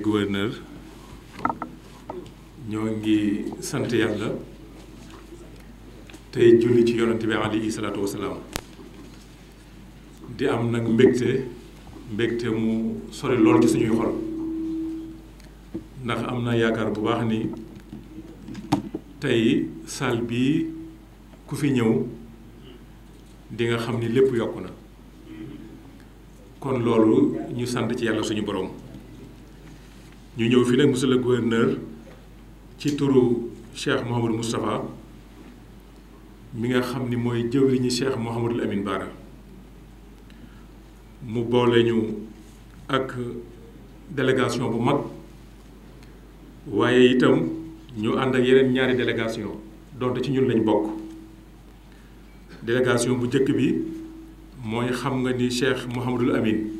gouverneur ñoo ngi sant yàlla te julli ci yonent bi alayhi di am nag mbégte mbégte mu sori lool ci suñuy xol ndax am na yaakaar bu baax ni tey salle bi ku fi ñëw di nga xam ni lépp yokk na kon loolu ñu sant ci yàlla suñu boroom ñu ñëw fi nag monsieur le gouverneur ci turu Cheikh Mouhamadou Moustapha mi nga xam ni mooy jëw jëwriñu Cheikh Mouhamadou amin Bara mu boole ñu ak délégation bu mag waaye itam ñu ànd ak yeneen ñaari délégation donte ci ñu lañu bokk délégation bu njëkk bi mooy xam nga ni Cheikh Mouhamadul Amine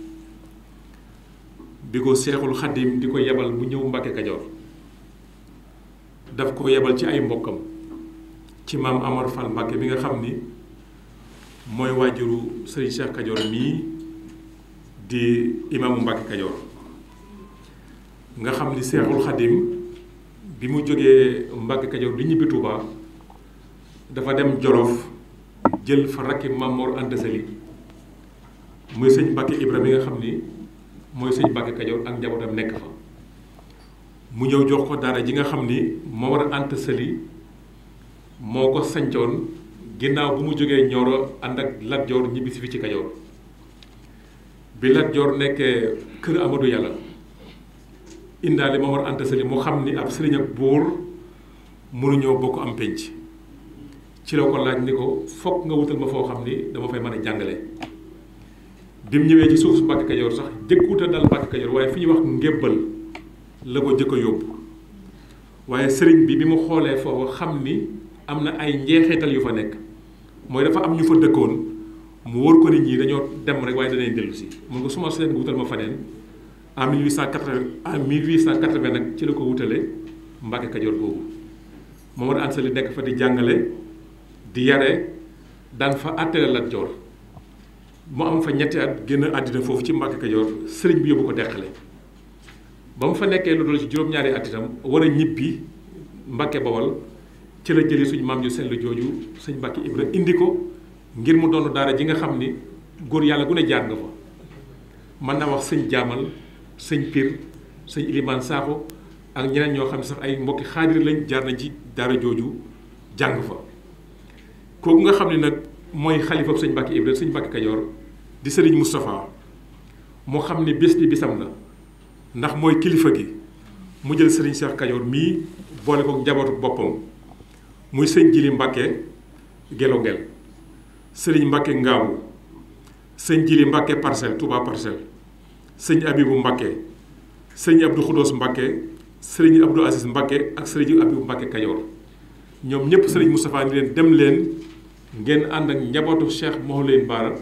bi ko seexul xaddim di ko yebal mu ñëw Mbàkke Kajoor daf ko yebal ci ay mbokkam ci maam Amar Fall Mbàkke bi nga xam ni mooy waajuru sëriñ Cheikh Kajoor mii di imaamu Mbàkke Kajoor nga xam ni seexul xaddim bi mu jógee Mbàkke Kajoor di ñibbi Tuubaa dafa dem Jolof jël fa rakki Maam Mor Anta muy sëñ Mbàkke Ibra bi nga xam ni mooy sëñ Mbàkke Kajoor ak njabootam nekk fa mu ñëw jox ko daara ji nga xam ni moo war a Anta Sali moo ko sancoon ginnaaw bu mu jógee ñooro ànd ak Lat ñibbisi fi ci Kajoor bi Lat Joor nekkee kër Amadou Yàlla indaale moo war a Anta Sali mu xam ni ab sëriñ ak buur mënuñoo bokk am pénc ci la ko laaj ni ko fokk nga wutal ma foo xam ni dama fay mën a jàngale bi mu ñëwee ci suuf su Mbàkke Kajoor sax jëkkuta dal Mbàkke Kajoor waaye fi ñuy wax ngébbal la ko jëkk a yóbbu waaye sëriñ bi bi mu xoolee foofu xam ni am na ay njeexeetal yu fa nekk mooy dafa am ñu fa dëkkoon mu wóor ko nit ñi dañoo dem rek waaye danañ dellu si mun ko suma seen wutal ma faneen en 1880 en 1880 nag ci la ko wutale Mbàkke Kajoor boobu Mamadou Anta Sali nekk fa di jàngale di yare daan fa àttale Lat Joor mu am fa ñetti at génn àddina foofu ci Mbàkke Kajoor sëriñ bi yóbbu ko deqale ba mu fa nekkee lu dul ci juróom-ñaari at war a ñibbi Mbàkke Bawol ci la jëlee suñu maam ju sell jooju suñu Mbàkke Ibra indi ko ngir mu doon daara ji nga xam ni góor yàlla gu ne jaar nga fa mën naa wax sëñ jaamal sëñ Pir sëñ Ilimaan Saaxo ak ñeneen ñoo xam ne sax ay mbokki xaadir lañ jaar nañ ci daara jooju jàng fa kooku nga xam ne nag mooy xalifa sëñ Mbàkke Ibra sëñ Mbàkke Kajoor di sëriñ Moustapha mu xam ni bés bi bisam na ndax mooy kilifa gi mu jël sëriñ Cheikh Kajoor mii boole ko njabootu boppam muy sëñ Jili Mbàkke Gelo Ngel sëriñ Mbàkke Ngaamu sëñ Jili Mbàkke Parcelles Touba Parcelles sëñ Abibu Mbàkke sëñ Abdou Xudoos Mbàkke sëriñ Abdou Aziz Mbàkke ak sëriñ Abibu Mbàkke Kajoor ñoom ñëpp sëriñ Moustapha ni leen dem leen ngeen ànd ak njabootu Cheikh Mawlène Bara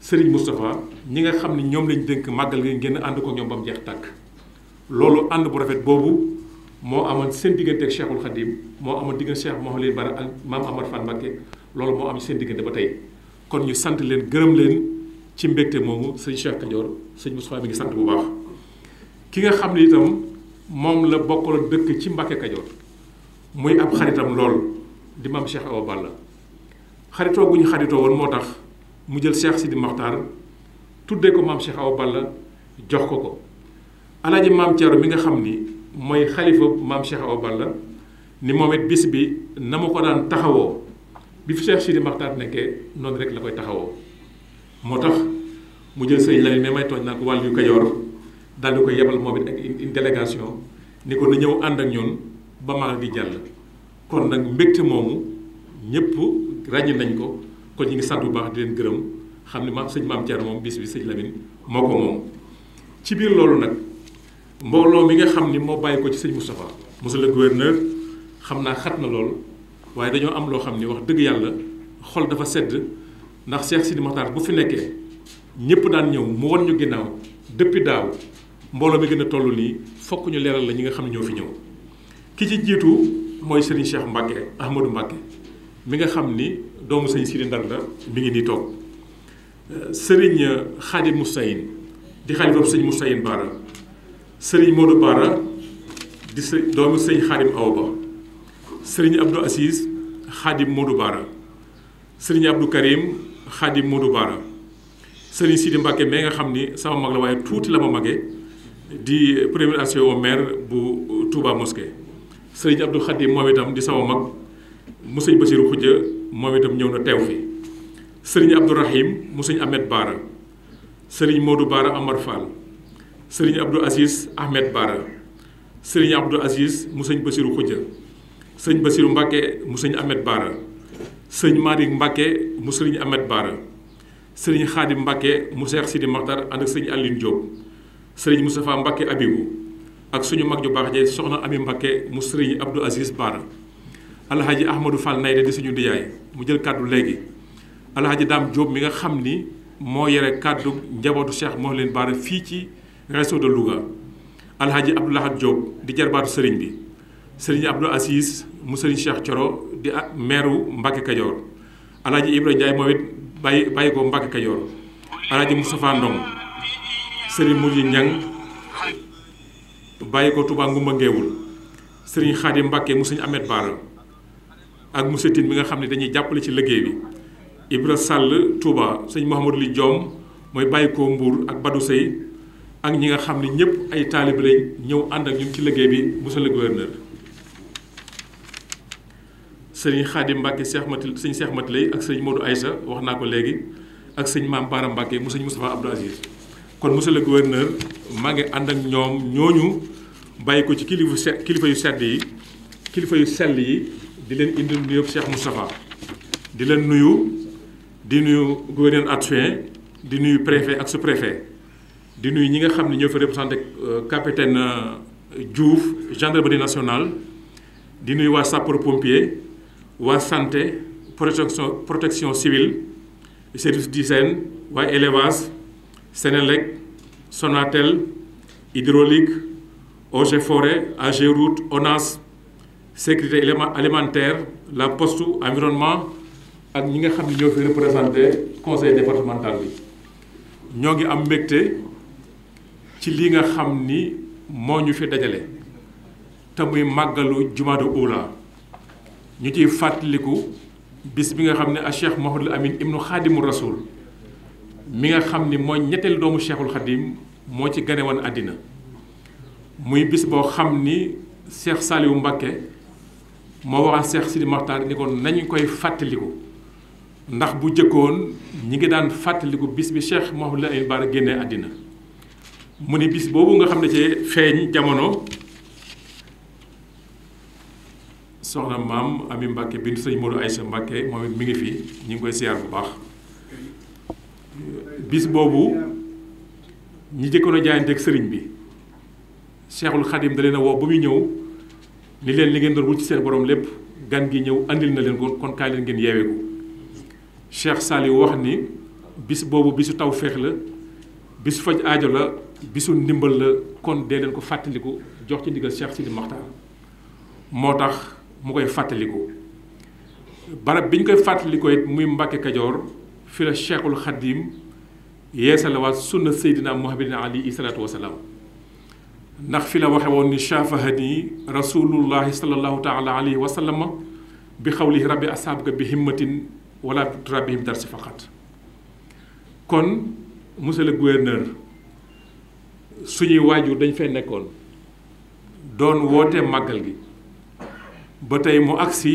Serigne Moustapha ñi nga xam ne ñoom lañu dénk màggal gi ngeen ànd ko ñoom ba mu jeex tàkk loolu ànd bu rafet boobu moo amoon seen diggante ak Cheikhul Khadim moo amoon diggante Cheikh Mouhamadou Bara ak maam Amar Fan Mbacké loolu moo am seen diggante ba tey kon ñu sant leen gërëm leen ci mbégte moomu sëñ Cheikh Kadior sëñ Moustapha mi ngi sant bu baax ki nga xam ne itam moom la bokkaloon dëkk ci Mbacké Kadior muy ab xaritam lool di maam Cheikh Awa Balla xaritoo gu ñu xaritoo woon moo tax. mu jël Cheikh Sidi Mokhtar tuddee ko maam Cheikh Awa Balla jox ko ko alaaji maam Thierno mi nga xam ni mooy xalifa maam Cheikh Awa Balla ni moom bis bi na ma ko daan taxawoo bi fi Cheikh Sidi Mokhtar nekkee noonu rek la koy taxawoo moo tax mu jël sëñ Lamine mais may tooñ naa ko wàllu yu Kajoor daal di ko yebal moom it ak une ni ko na ñëw ànd ak ñun ba maa ngi jàll kon nag mbégte moomu ñëpp ràññ nañ ko kon ñu ngi sant bu baax di leen gërëm xam ne maam sëñ maam Thierno moom bis bi sëñ Lamine moo ko moom. ci biir loolu nag mbooloo mi nga xam ni moo bàyyi ko ci sëñ Moustapha monsieur le gouverneur xam naa xat na lool waaye dañoo am loo xam ni wax dëgg yàlla xol dafa sedd ndax Cheikh Sidi Makhtar bu fi nekkee ñëpp daan ñëw mu won ñu ginnaaw depuis daaw mbooloo mi gën a toll nii fokk ñu leeral la ñi nga xam ne ñoo fi ñëw ki ci jiitu mooy Serigne Cheikh Mbacke Ahmadou Mbacke. mi nga xam ni doomu sëñ Sidi Ndar la mi ngi nii toog sëriñ Xaadim Moussaïn di xalifa sëñ Moussaïn Baara sëriñ Modou Baara di së doomu sëñ Xaadim Awa Ba sëriñ Abdou Assis Xaadim Modou Baara sëriñ Abdou Karim Xaadim Modou Baara sëriñ Sidi Mbacke mais nga xam ni sama mag la waaye tuuti la ma magee di premier adjoint au maire bu Touba Mosquée sëriñ Abdou Khadim moom itam di sama mag. mu sëñ Basiru Xujja moom itam ñëw na teew fi sëriñ Abdourahim mu sëñ Ahmed Baara sëriñ Modou Baara Amar Fall sëriñ Abdou Aziz Ahmed Baara sëriñ Abdou Aziz mu sëñ Basiru Xujja sëñ Basiru Mbàkke mu sëñ Ahmed Baara sëñ Malick Mbàkke mu sëriñ Ahmed Baara sëriñ Xaadim Mbàkke mu Seex Sidi Maxtar ànd ak sëñ Aline Diop sëriñ Moustapha Mbàkke Abibu ak suñu mag ju baax je soxna Ami Mbàkke mu sëriñ Abdou Aziz Baara alhaji ahmadou fall nay di suñu ndiyaay mu jël kàddu léegi alhaji daam Diop mi nga xam ni moo yore kàddu njabootu moo leen Bara fii ci réseau de Louga alhaji lahat jóob di jarbaatu sëriñ bi sëriñ abdou Assis mu sëriñ cheikh Thioro di maire Mbacke Kajoor alhaji ibra Ndiaye moom it bàyyi bàyyi ko Mbacke Kajoor alhaji moustapha ndong sëriñ murji ñang bàyyi ko Touba ngumba ngeewul sëriñ xaadim Mbacke mu sëriñ Ahmed Bara ak monsieur Tine mi nga xam ne dañuy jàppale ci liggéey bi Ibra Sall Touba sëñ Mouhamadou Li Diom mooy bàyyi ko Mbour ak Badou Sey ak ñi nga xam ni ñëpp ay taalib lañ ñëw ànd ak ñun ci liggéey bi monsieur le gouverneur. sëriñ Xaadim Mbacke Cheikh Mat sëñ Cheikh Matley ak sëñ Modou Aïssa wax naa ko léegi ak sëñ Maam Baara Mbacke mu sëñ Moustapha Abdou Aziz kon monsieur le gouverneur maa ngi ànd ak ñoom ñooñu bàyyi ko ci kilifa se kilifa yu sedd yi kilifa yu sell yi. di leen indil nuyoo Cheikh Moustapha di leen nuyu di nuyu gouverneur adjoint di nuyu préfet ak sous-préfet di nuyu ñi nga xam ne ñoo fi représenté euh, capitaine euh, Diouf gendarmerie national di nuyu waa sapeur pompier waa santé protection protection civile service d'hygiène waa élevage Sénélec Sonatel hydraulique Eaux et Forêts AGEROUTE ONAS sécurité alimentaire la postu environnement ak ñi nga xam ne ñoo fi représenté conseil départemental bi ñoo ngi am mbégte ci li nga xam ni moo ñu fi dajale te muy màggalu jumaada ula ñu ciy fàttaliku bis bi nga xam ne a cheikh Mouhamadoul Amine ibnu xaadimu rasul mi nga xam ni mooy ñetteel doomu cheikhul xadim moo ci gane woon àddina muy bis boo xam ni cheikh Saliou Mbacké moo waxoon Cheikh Sidi Mokhtar ni ko nañu koy fàttaliku ndax bu jëkkoon ñi ngi daan fàttaliku bis bi Cheikh Mouhamadou Lamine Bara génnee àddina mu ni bis boobu nga xam ne ci feeñ jamono soxna maam Ami Mbàkke bintu sëñ Modou Aïssa Mbàkke mi ngi fi ñu ngi koy siyaar bu baax bis boobu ñi jëkkoon a sëriñ bi Cheikhul Khadim da leen woo ba muy ñëw ni leen li ngeen doon wut ci seen boroom lépp gan gi ñëw andil na leen ko kon kaay leen ngeen yeewee ko Cheikh wax ni bis boobu bisu taw féex la bisu faj aajo la bisu ndimbal la kon dee leen ko fàttaliku jox ci ndigal Cheikh Sidi Maxtaar moo tax mu koy fàttaliku. barab bi ñu koy fàttalikoo muy Mbàkke Kajoor fi la Cheikhul Xadim yeesalawaat sunna Seydina Muhammadin Ali salaatu wasalaam ndax fi la waxe woon ni shaafahani rasulullahi salallahu taala alayhi wa sallama bi xawlihi rabbi asaabka bi himmatin wala rabbihim darsi faqat kon monsieur le gouverneur suñuy waajur dañ fay nekkoon doon wootee màggal gi ba tey mu agsi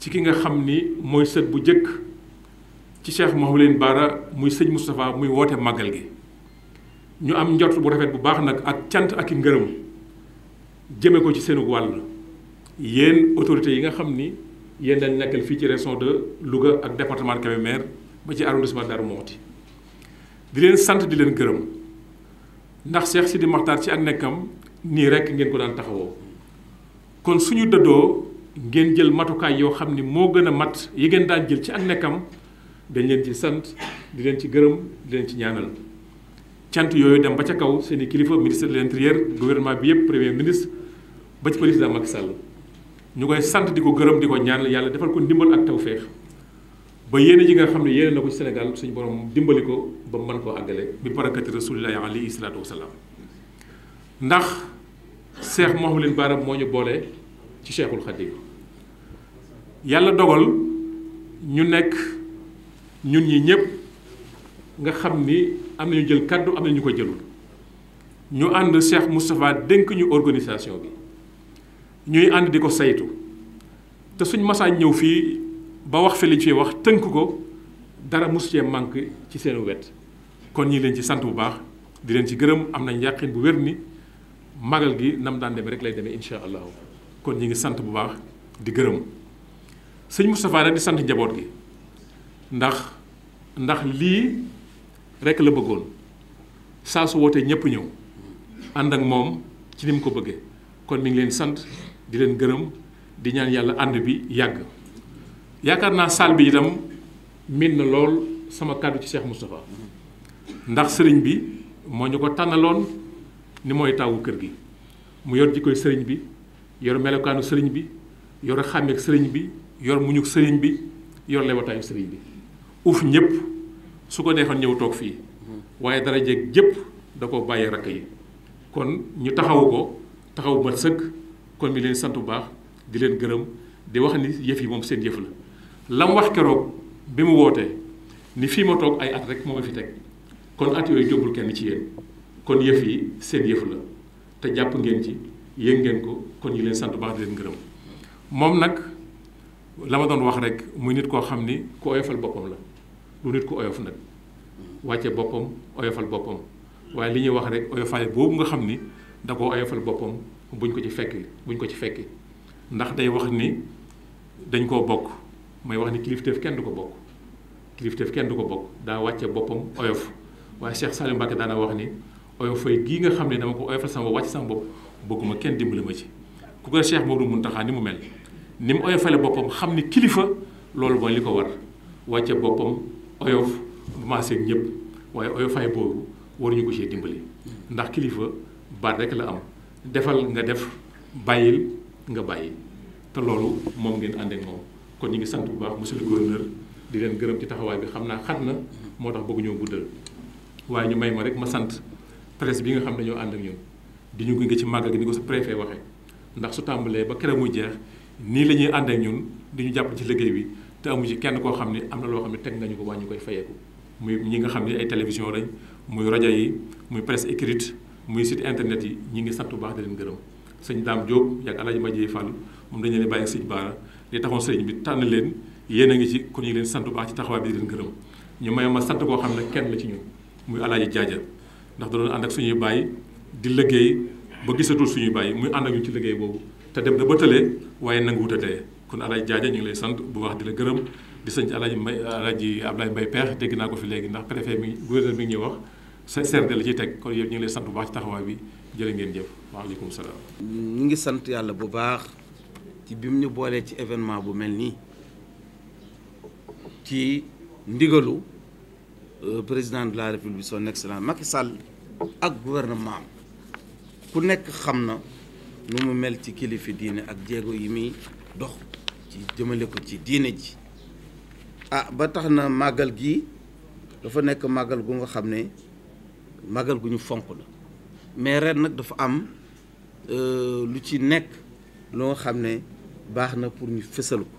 ci ki nga xam ni mooy sët bu jëkk ci cheikh Mouhamadou Lamine Bara muy sëñ Moustapha muy wootee màggal gi ñu am njort bu rafet bu baax nag ak cant ak i ngërëm jëme ko ci seenu wàll yéen autorités yi nga xam ni yéen lañ nekkal fii ci région de Louga ak département de Kébémer ba ci arrondissement Darou Mouhty di leen sant di leen gërëm ndax Cheikh Sidi Makhtar ci ak nekkam nii rek ngeen ko daan taxawoo kon suñu dëddoo ngeen jël matukaay yoo xam ni moo gën a mat yi ngeen daan jël ci ak nekkam dañ leen ci sant di leen ci gërëm di leen ci ñaanal cant yooyu dem ba ca kaw seen i kilifa ministre de l'intérieur gouvernement bi yëpp premier ministre ba ci président Macky Sall ñu koy sant di ko gërëm di ko ñaan yàlla defal ko ndimbal ak tawféex ba yéene ji nga xam ne yéene na ko ci senegal suñu borom dimbali ko ba mën ko àggale bi barakati rasulillahi alayhi salaatu wasalaam ndax Cheikh Mouhamadou Bara moo ñu boole ci Cheikhul Khadim yàlla dogal ñu nekk ñun ñi ñëpp nga xam ni am na ñu jël kàddu am na ñu ko jëlul ñu ànd Cheikh Moustapha dénk ñu organisation bi ñuy ànd di ko saytu te suñ masaa ñëw fii ba wax fi li ciy wax tënk ko dara musu cee manqué ci seen wet kon ñi leen ci sant bu baax di leen ci gërëm am nañ yàqin bu wér ni magal gi nam daan demee rek lay demee incha allahu kon ñi ngi sant bu baax di gërëm sëñ Moustapha nag di sant njaboot gi ndax ndax lii rekk la bëggoon saa su wootee ñëpp ñëw ànd ak moom ci ni mu ko bëggee kon mi ngi leen sant di leen gërëm di ñaan yàlla ànd bi yàgg yaakaar naa salle bi itam miin na lool sama kàddu ci Cheikh Moustapha ndax sëriñ bi moo ñu ko tànnaloon ni mooy taawu kër gi mu yor jikkoy sëriñ bi yor melokaanu sëriñ bi yor xàmmeek sëriñ bi yor muñu sëriñ bi yor lewataayu sëriñ bi uuf ñëpp su ko neexoon ñëw toog fii waaye dara jeeg jépp da ko bàyyi rakk yi kon ñu taxawu ko taxaw ma sëkk kon mi leen sant bu baax di leen gërëm di wax ni yëf yi moom seen yëf la lam wax keroog bi mu wootee ni fii ma toog ay at rek moo ma fi teg kon at yooyu jógul kenn ci yéen kon yëf yi seen yëf la te jàpp ngeen ci yëg ngeen ko kon ñu leen sant bu baax di leen gërëm moom nag la ma doon wax rek muy nit koo xam ni ku oyofal boppam la du nit ku oyof nag wàcce boppam oyofal boppam waaye li ñuy wax rek oyofaay boobu nga xam ni da koo oyofal boppam buñ ko ci fekki buñ ko ci fekki ndax day wax ni dañ ko bokk may wax ni kilifteef kenn du ko bokk kilifteef kenn du ko bokk daa wàcce boppam oyof waaye Cheikh Salim Mbacke daana wax ni oyofay gii nga xam ne dama ko oyofal sama wàcc sama bopp bëgguma kenn dimbali ma ci ku ko Cheikh Maodo Mountakha ni mu mel ni mu oyofale boppam xam ni kilifa loolu mooy li ko war wàcce boppam oyof bu maasee ñëpp waaye oyofaay boobu waruñu ko cee dimbali ndax kilifa baat rek la am defal nga def bàyyil nga bàyyi te loolu moom ngeen ànd ak moom kon ñu ngi sant bu baax monsieur le gouverneur di leen gërëm ci taxawaay bi xam naa xat na moo tax bëgguñoo guddal waaye ñu may ma rek ma sant presse bi nga xam ne ñoo ànd ak ñun di ñu gunge ci màgg gi ni ko sa préfet waxee ndax su tàmbalee ba keroog muy jeex nii la ñuy ànd ak ñun di ñu jàpp ci liggéey bi. te amu ci kenn koo xam ne am na loo xam ne teg nañu ko waa ñu koy fayeeku muy ñi nga xam ne ay télévision lañ muy rajo yi muy presse écrite muy sit internet yi ñi ngi sant bu baax di leen gërëm sëñ Dame Diop yàgg Alaaji Madiye Fall moom dañu leen bàyyi sëñ Baara li taxoon sëñ bi tànn leen yéen a ngi ci kon ñu leen sant baax ci taxawaay bi di gërëm ñu may ma sant koo xam ne kenn la ci ñun muy Alaaji jaajal ndax da doon ànd ak suñu bàyyi di liggéey ba gisatul suñuy bàyyi muy ànd ak ñu ci liggéey boobu te dem na ba tëlee waaye nangu wut kon alaaj jaaja ñu ngi lay sant bu wax di la gërëm di sant alaaj mbay alaaj Ablaye Mbaye Peex dégg naa ko fi léegi ndax préfet mi gouverneur mi ngi ñuy wax CRD la ci teg kon yëpp ñu ngi lay sant bu bi jërë ngeen jëf waaleykum salaam. ñu ngi sant yàlla bu baax ci bi mu ñu boolee ci événement bu mel nii ci ndigalu euh, président de la république son excellence Macky Sall ak gouvernement am ku nekk xam na nu mu mel ci kilifa diine ak jéego yi muy dox. ci jëmale ko ci diine ji a ah, ba tax na màggal gi dafa nekk màggal gu nga xam ne màggal gu ñu fonk la mais ren nag dafa am euh, lu ci nekk lu nga xam ne baax na pour ñu fësal ko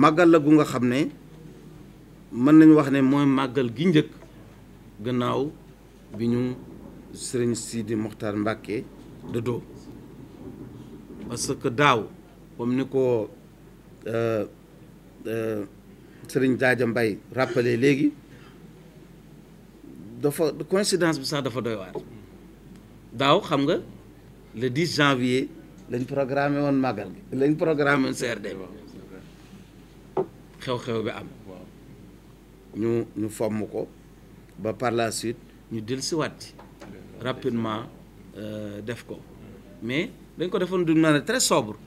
màggal la gu nga xam ne mën nañ wax ne mooy màggal gi njëkk gannaaw bi ñu sëriñ Sidi Mokhtar Mbacke dëddoo parce que daaw comme ni ko sëriñ Jaaja Mbay rappelé léegi dafa coïncidence bi sax dafa doy waar daaw xam nga le 10 janvier lañ programmé woon màggal gi lañ programmé woon CRD xew-xew bi am ñu ñu fomm ko ba par la suite ñu del si waat rapidement euh, def ko mais dañ ko defoon d'une manière très sobre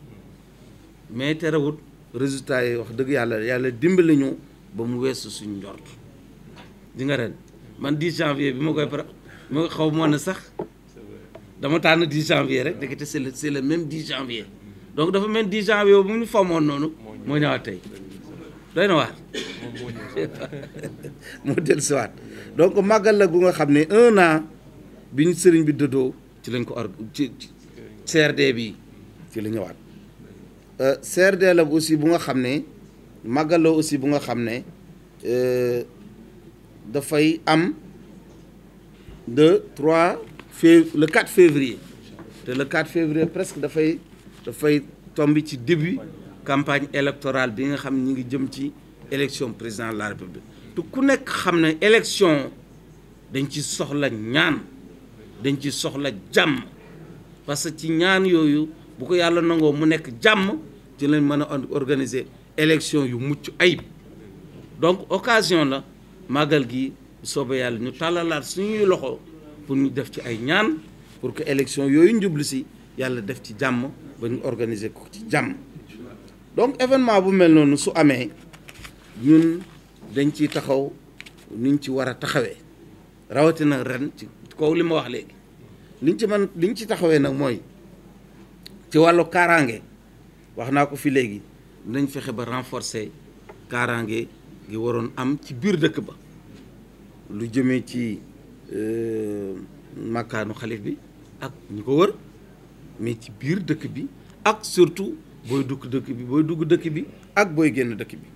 mais terewut résultat yi wax dëgg yàlla yàlla dimbali ñu ba mu weesu suñ njort di nga ren man janvier bi ma koy pare ma xaw ma ne sax dama tànn 10 janvier rek ndekete te le c'est le même 10 janvier donc dafa mel 10 janvier bu ñu famoon noonu moo ñëwaat tey doy na waar moo dellusiwaat donc màggal la gu nga xam ne un bi ñu sëriñ bi dëddoo ci lañ ko or ci CRD bi ci la ñëwaat CRD la aussi bu nga xam ne màggal aussi bu nga xam ne dafay am de 3 fév le quatre février te le 4 février presque dafay dafay tombi ci début campagne électorale bi nga xam ne ñu ngi jëm ci élection président la république te ku nekk xam ne élection dañ ci soxla ñaan dañ ci soxla jàmm parce ci ñaan yooyu bu ko yàlla nangoo mu nekk jàmm ci lañ mën a organiser élection yu mucc ayib donc occasion la màggal gi soobee yàlla ñu tàllalaat suñuy loxo pour ñu def ci ay ñaan pour que élection yooyu njublu si yàlla def ci jàmm ba ñu organiser ko ci jàmm donc événement bu mel noonu su amee ñun dañ ciy taxaw nuñ ci war a taxawee rawatina ren ci kaw li ma wax léegi liñ ci mën liñ ci taxawee nag mooy ci wàllu kaaraange. wax naa ko fi léegi nañ fexe ba renforcé kaaraange ngi waroon am ci biir dëkk ba lu jëmee ci euh, makkaanu xalif bi ak ñi ko wër mais ci biir dëkk bi ak surtout booy dukk dëkk bi booy dugg dëkk bi ak booy génn dëkk bi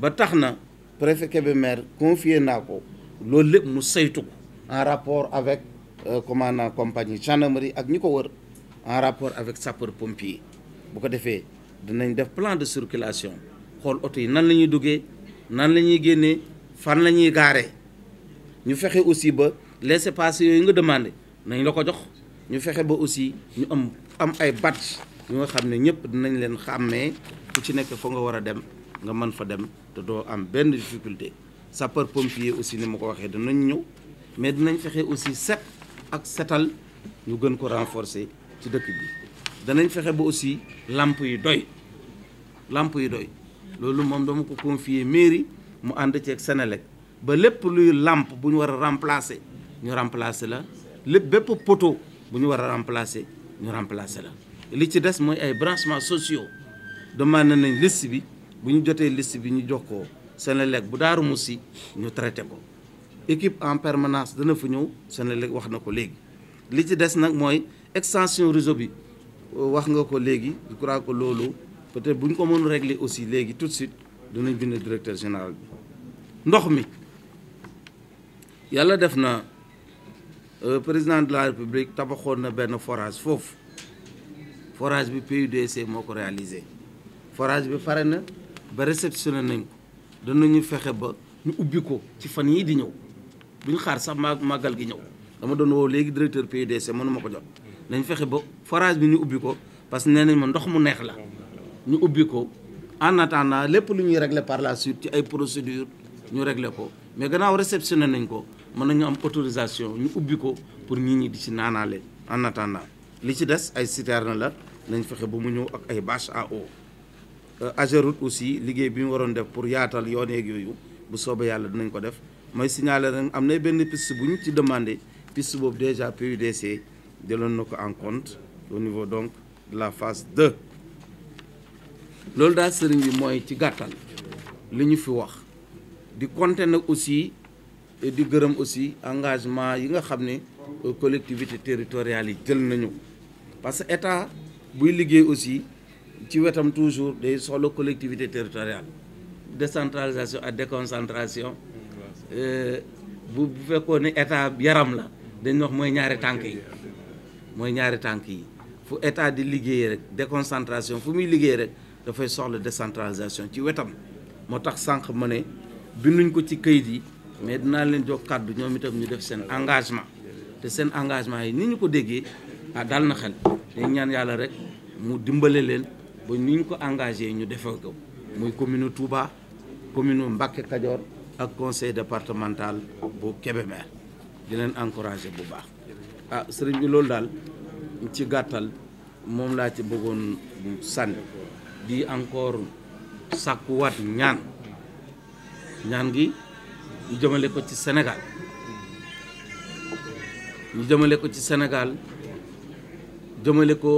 ba tax na préfet Kébémer confié naa ko loolu lépp mu saytu ko en rapport avec euh, commandant compagnie gendarmerie ak ñi ko wër en rapport avec sapeur pompier bu ko defee dinañ def plan de circulation xool auto yi nan lañuy ñuy duggee nan la ñuy génnee fan la ñuy gaaree ñu fexe aussi ba laissez-passer yooyu nga demandé nañ la ko jox ñu fexe ba aussi ñu am am ay badge ñu nga xam ne ñëpp dinañ leen xàmmee ku ci nekk fa nga war a dem nga mën fa dem te doo am benn difficulté sapeur pompier aussi ni ma ko waxee dinañ ñëw mais dinañ fexee aussi set ak setal ñu gën ko renforcer ci dëkk bi danañ fexe ba aussi làmp yi doy làmp yi doy loolu moom dama ko confier mairie mu ànd ceeg Senelec ba lépp luy làmp bu ñu war a remplacer ñu remplacer la lépp bépp poteau bu ñu war a remplacer ñu remplacer la li ci des mooy ay branchements sociaux demandé nañ liste bi bu ñu jotee list bi ñu jox ko Senelec bu Daaru Musi ñu traité ko équipe en permanence dana fa ñëw Senelec wax na ko léegi li ci des nag mooy extension réseau bi wax nga ko léegi je crois que loolu peut-être bu ñu ko mën réglé aussi léegi tout de suite dinañ bind directeur général bi ndox mi yàlla def na euh, président de la république tabaxoon na benn forage foofu forage bi PUDC moo ko réalisé forage bi pare na ba réceptionné nañ ko danañu fexe ba ñu ubbi ko ci fan yii di ñëw duñ xaar sax màggal gi ñëw dama doon woo léegi directeur PUDC mënuma ko jot nañ fexe ba forage bi ñu ubbi ko parce que nee nañ ma ndox mu neex la ñu ubbi ko en attendant lépp lu ñuy régler par la suite ci ay procédure ñu regle ko mais gannaaw réceptionné nañ ko mën nañu am autorisation ñu ubbi ko pour nit ñi di ci naanaale en attendant li ci des ay citerne la nañ fexe ba mu ñëw ak ay bâche à eau euh, Ageroute aussi liggéey bi ñu waroon def pour yaatal yoon yeeg yooyu bu soobee yàlla dinañ ko def mooy signaler rek am na benn piste bu ñu ci demandé piste boobu déjà PUDC jëloon na ko en compte au niveau donc de la phase 2 loolu daal sëriñ bi mooy ci gàttal li ñu fi wax di conte nag aussi di gërëm aussi engagement yi nga xam ne collectivités territoriales yi jël nañu parce que état buy liggéey aussi ci wetam toujours day solo collectivité territoriale décentralisation ak déconcentration mm, euh, bu bu fekkoon état yaram la dañu wax mooy ñaari tànk yi mooy ñaari tànk yi fu état di liggéeyee rek déconcentration fu muy liggéey rek dafay soxla décentralisation ci wetam moo tax sànq ma ne binduñ ko ci kayit yi mais dinaa leen jox kàddu ñoom itam ñu def seen engagement te seen engagement yi ni ñu ko déggee ah dal na xel dañ ñaan yàlla rek mu dimbale leen ba ni ñu ko engagé ñu defee ko muy commune Touba commune Mbacké Kadior ak conseil départemental bu Kébémer di leen bu baax a ah, sëriñ bi loolu daal ci gàttal moom laa ci bëggoon sànni di encore sàkkuwaat ñaan ñaan gi ñu jëmale ko ci senegal ñu jëmale ko ci senegal jëmale ko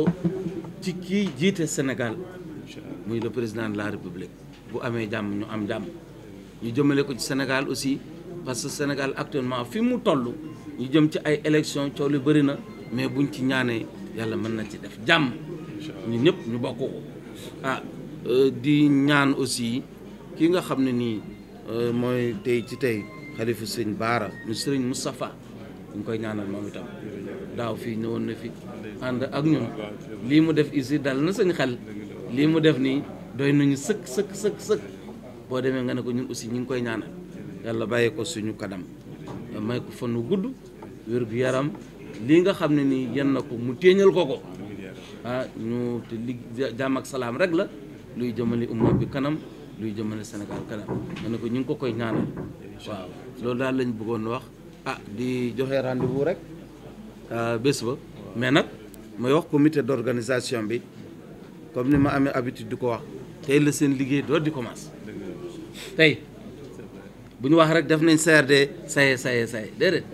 ci kii jiite senegal muy le président de la République bu amee jàmm ñu am jàmm ñu jëmale ko ci senegal aussi parce que Sénégal actuellement fi mu toll ñu jëm ci ay élections coow li bëri na mais buñ ci ñaanee yàlla mën na ci def jàmm ñu ñëpp ñu bokk ko ah euh, di ñaan aussi kii nga xam ne nii euh, mooy tey ci tey xalifu sëñ Baara mu sëriñ Moustapha ñu koy ñaanal moom itam daaw fii ñëwoon na fi ànd ak ñun lii mu def ici dal na sañ xel lii mu def nii doy nañu sëkk sëkk sëkk sëkk boo demee nga ne ko ñun aussi ñu ngi koy ñaanal yàlla bàyyi ko suñu kanam may ko fan gudd wér gu yaram lii nga xam ne nii yan na ko mu téeñal ko ko ah ñu te li jàmm ak salaam rek la luy jëmale umma bi kanam luy jëmale Sénégal kanam ma ne ko ñu ngi ko koy ñaanal waaw loolu daal lañ bëggoon wax ah di joxe rendez-vous rek ah, bés ba mais nag may wax comité d'organisation bi comme ni ma amee habitude di ko wax tey la seen liggéey door di commencer tey bu ñu wax rek def nañ CRD saye saye saye déedéet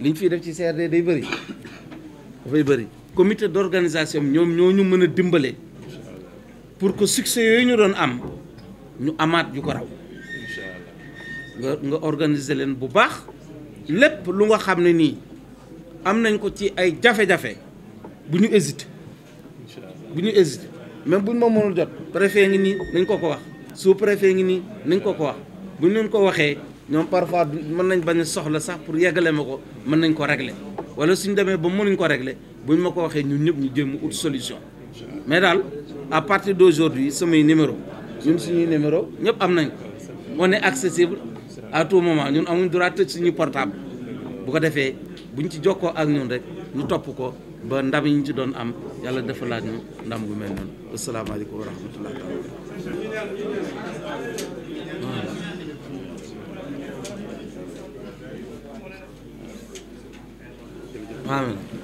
liñ fii def ci CRD day bëri dafay bëri comité d'organisation ñoom ñoo ñu mën a dimbale pour que succès yooyu ñu doon am ñu amaat yu ko raw nga nga organiser leen bu baax lépp lu nga xam ne nii am nañ ko ci ay jafe-jafe bu ñu hésité bu ñu hésité même bu ñu ma mënul jot préfet ngi nii nañ ko ko wax sous préfet ngi nii nañ ko ko wax bu ñu leen ko waxee ñoom parfois mën nañ bañ soxla sax pour yeggale ma ko mën nañ ko régler wala suñ demee ba mu mënuñ ko régler buñ ma ko waxee ñun ñëpp ñu jéem ut solution mais daal à partir d'aujourd'hui samay numéro ñun suñuy numéro ñëpp am nañ one on est accessible à tout moment ñun amuñ droit tëj suñu portable bu ko defee buñ ci jokkoo ak ñun rek ñu topp ko ba ndam yi ñu ci doon am yàlla defalaat ñu ndam gu mel noonu asalaamaaleykum wa rahmatullah amiin